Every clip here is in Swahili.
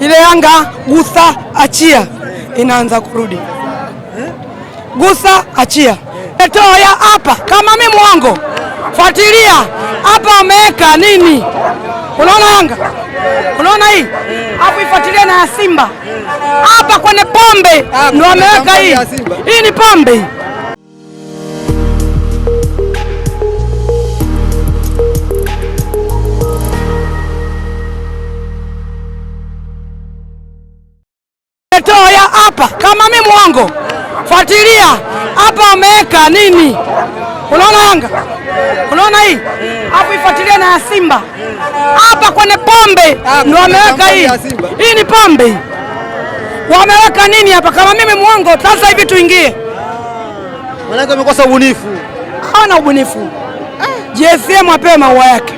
ile Yanga gusa achia inaanza kurudi, gusa achia etoya hapa. Kama mimi mwongo, fuatilia hapa ameweka nini? Unaona Yanga, unaona hii hapo, ifuatilia na ya Simba hapa kwenye pombe, ah, ndio ameweka hii. Hii ni pombe. ya hapa, kama mimi mwango, fuatilia hapa ameweka nini, unaona Yanga, unaona hii hapo, ifuatilia na ya Simba hapa kwenye pombe ndo ameweka hii. Hii ni pombe, wameweka nini hapa? Kama mimi mwongo, sasa hivi tuingie, manake amekosa ubunifu, hawana ubunifu. JSM apewe maua yake.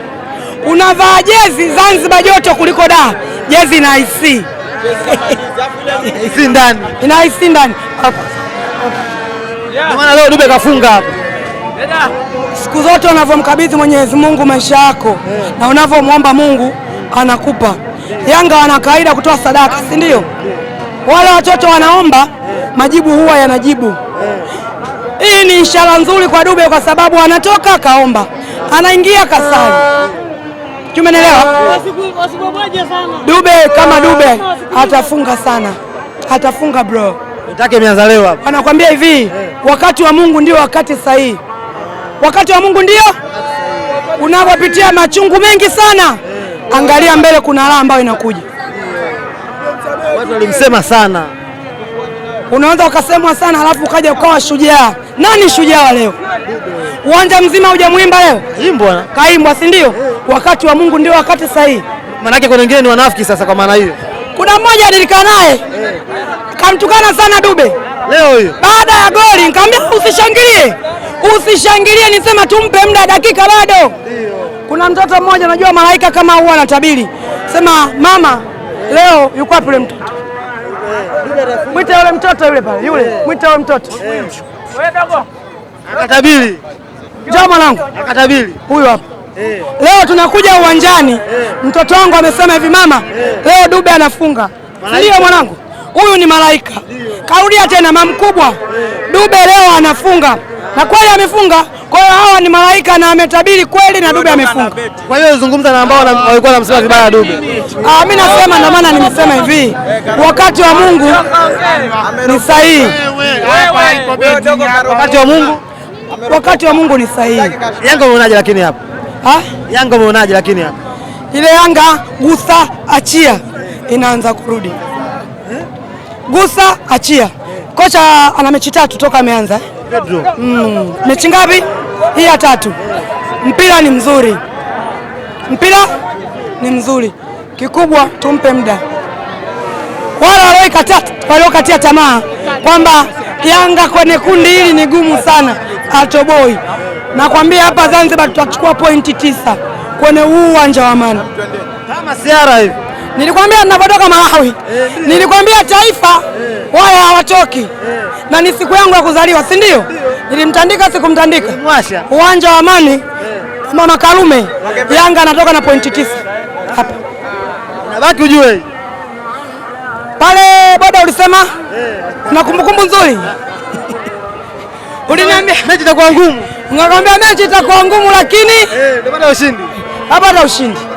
Unavaa jezi Zanzibar joto kuliko da jezi na IC si ndani ndani hapa maana leo Dube kafunga hapa. Siku zote unavyomkabidhi Mwenyezi Mungu maisha yako na unavyomwomba Mungu anakupa. Yanga wana kawaida kutoa sadaka, si ndio? Wale watoto wanaomba majibu huwa yanajibu. Hii ni ishara nzuri kwa Dube kwa sababu anatoka akaomba anaingia kasali. Ah. Tumeelewa? Dube kama Dube atafunga sana, atafunga bro. Nitake imeanza leo hapa. Anakuambia hivi, eh. wakati wa Mungu ndio wakati sahihi. Wakati wa Mungu ndio unapopitia machungu mengi sana, eh. angalia mbele, kuna raha ambayo inakuja. Watu walimsema sana unaweza ukasemwa sana halafu ukaja ukawa shujaa. Nani shujaa leo? Uwanja mzima hujamwimba leo, kaimbwa, si ndio? Eh. Wakati wa Mungu ndio wakati sahihi. Maanake kuna wengine ni wanafiki. Sasa kwa maana hiyo, kuna mmoja nilikaa naye eh. kamtukana sana Dube leo hiyo, baada ya goli nikamwambia usishangilie, usishangilie, nisema tumpe muda, dakika bado. Kuna mtoto mmoja, unajua malaika kama huwa anatabiri, sema mama leo yuko wapi yule mtoto Mwite yule mtoto yule pale, yule eh. mwite yule mtoto. Eh. Wewe dogo. Akatabili. Njoo mwanangu. Akatabili. Huyu hapa. Eh. Leo tunakuja uwanjani, mtoto wangu amesema hivi mama, leo Dube anafunga. Ndio mwanangu, huyu ni malaika. Karudia tena, mamkubwa, Dube leo anafunga na kweli amefunga. Kwa hiyo hawa ni malaika na ametabiri kweli, na Dube amefunga. Kwa hiyo zungumza na ambao walikuwa wanamsema vibaya Dube. Ah, mimi nasema, ndio maana nimesema hivi, wakati wa Mungu ni sahihi, wakati wa Mungu, wakati wa Mungu ni sahihi. Yanga umeonaje? Lakini hapo ha, Yanga umeonaje? Lakini hapo ile Yanga gusa achia inaanza kurudi, eh? gusa achia. Kocha ana mechi tatu toka ameanza eh? Pedro. Mm. mm. Mechi ngapi? Hii ya tatu. Mpira ni mzuri, mpira ni mzuri, kikubwa tumpe muda wala waliokatia tamaa kwamba Yanga kwenye kundi hili ni gumu sana, atoboi. Nakwambia hapa Zanzibar tutachukua pointi tisa kwenye huu uwanja wa Amani kama siara hivi. Nilikwambia ninapotoka Malawi, eh. nilikwambia taifa eh. wao hawatoki, eh. na ni siku yangu ya kuzaliwa, si ndio? Nilimtandika, sikumtandika uwanja wa Amani, Mama Karume. Yanga anatoka na pointi tisa hapa, ah, nabaki ujue pale boda ulisema na kumbukumbu nzuri uliniambia mechi itakuwa ngumu, ngakwambia mechi itakuwa ngumu, lakini ndio baada ya ushindi hapa, ushindi